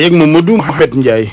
waaye ak ma Mouhamed Ndiaye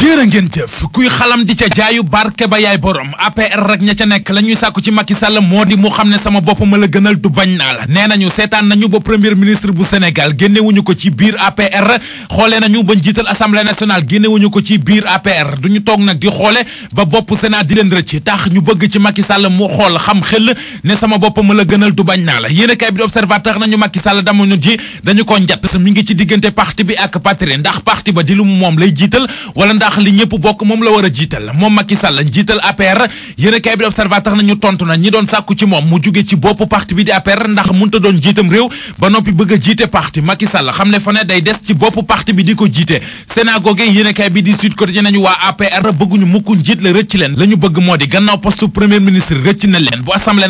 jërë ngeen jëf kuy xalam di ca jaayu barke ba yaay borom APR rek ña ca nekk la ñuy sàkku ci Macky Sall moo di mu xam ne sama bopp ma la gënal du bañ naa la nee nañu seetaan nañu ba premier ministre bu Sénégal génnewuñu ko ci biir APR xoolee nañu ba njiital assemblée nationale génnewuñu ko ci biir APR duñu toog nag di xoole ba bopp Sénat di leen rëcc tax ñu bëgg ci Macky Sall mu xool xam xel ne sama bopp la gënal du bañ naa la yéen a kay bi observateur nañu Macky Sall damuñu ji dañu ko njatt mi ngi ci diggante parti bi ak patrie ndax parti ba di lu moom lay jiital wala ndax li ñëpp bokk moom la war a jiital moom Macky Sall njiital APR yéen a kaay bi nañu tontu na ñi doon sàkku ci moom mu jóge ci bopp parti bi di APR ndax munta doon jiitam réew ba noppi bëgg jiite parti Macky Sall xam ne fa ne day des ci bopp parti bi di ko jiite Sénat googee yéen bi di Sud Quotidien nañu waa APR bëgguñu mukk njiit la rëcc leen la bëgg moo di gannaaw poste premier ministre rëcc na leen bu assemblée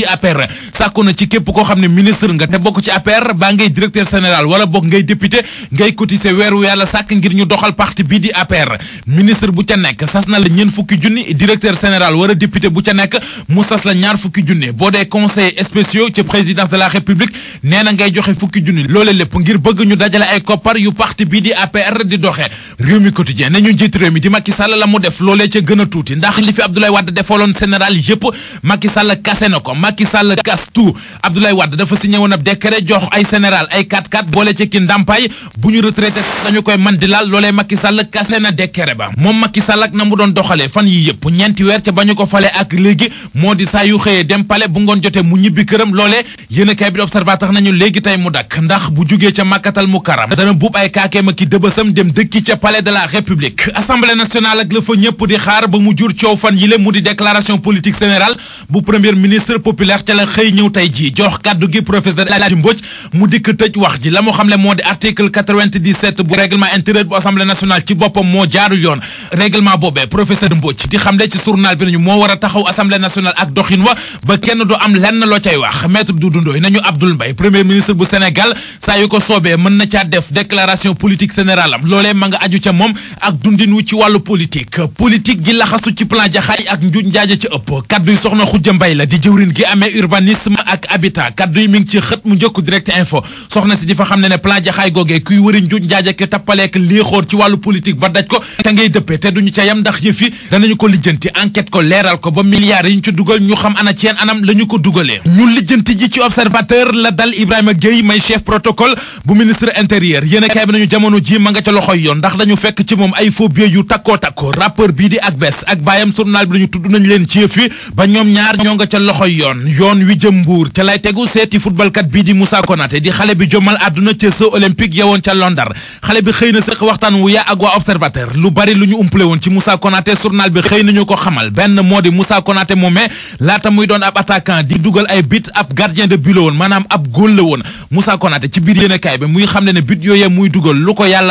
ji APR sàkku na ci képp koo xam ne ministre nga te bokk ci APR baa ngay directeur général wala bokk ngay député ngay cotiser weeru yàlla sàkk ngir ñu doxal parti bii di APR ministre bu ca nekk sas na la ñeen fukki junni directeur général wala député bu ca nekk mu sas la ñaar fukki junni boo dee conseillers spéciaux ci présidence de la république nee na ngay joxe fukki junni loole lépp ngir bëgg ñu dajale ay koppar yu parti bii di APR di doxee réew Macky Sall gas tout Abdoulaye Wade dafa signé woon ab décret jox ay général ay 4-4 boole ci ki bu ñu retraité dañu koy man di laal loolee Macky Sall kase na décret ba moom Macky Sall ak na mu doon fan yi yëpp ñeenti weer ca ba ñu ko fale ak léegi moo di saa xëyee dem pale bu ngoon jotee mu ñibbi këram loolee yéen bi observateur nañu léegi tey mu dakk ndax bu jugee ca màkkatal mu dana buub ay kaakeem ak ki dëbësam dem populaire ca la xëy ñëw tey ji jox kàddu gi professeur El Hadji mu dikk tëj wax ji la mu xamle moo di article 97 bu règlement intérieur bu assemblée nationale ci boppam moo jaaru yoon règlement boobee professeur Mbodj di xamle ci journal bi nañu moo war a taxaw assemblée nationale ak doxin wa ba kenn du am lenn loo cay wax maître Doudou Ndoye nañu Abdoul Mbaye premier ministre bu Sénégal saa yu ko soobee mën na caa def déclaration politique générale am loolee ma nga aju ca moom ak dundin wu ci wàllu politique politique gi laxasu ci plan jaxaay ak njuuj la di jëwrin amee urbanisme ak habitat kaddu yi mi ngi ci xët mu njëkk direct info soxna si di fa xam ne ne plan jaxaay googee kuy wëri njuuj njaaj ak tappaleek lii ci wàllu politique ba daj ko te ngay dëppee te duñu ca yam ndax yëf yi danañu ko lijjanti enquête ko leeral ko ba milliards yi ñu ci dugal ñu xam ana ci yeen anam la ñu ko dugalee ñu lijjanti ji ci observateur la dal Ibrahima Gueye may chef protocole bu ministre intérieur yéen kaay bi nañu jamono ji ma nga ca yoon ndax dañu fekk ci moom ay faux billets yu takkoo takkoo rappeur bii di ak bes ak baayam journal bi lañu tudd nañ leen ci yëf ñoom ñaar ñoo nga ca loxoy yoon yoon yoon wi jëm mbuur ca lay tegu seeti footballkat bii di Moussa Konaté di xale bi jommal àdduna ca jeux olympique yewoon ca Londar xale bi xëy na sëq waxtaan wu ya ak waa observateur lu bari lu ñu umpale woon ci Moussa Konaté journal bi xëy nañu ko xamal benn moo di Moussa Konaté moomee laata muy doon ab attaquant di dugal ay but ab gardien de but la woon maanaam ab góol la woon Moussa Konaté ci biir yéenekaay bi muy xam ne ne but yooyee muy dugal lu ko yàlla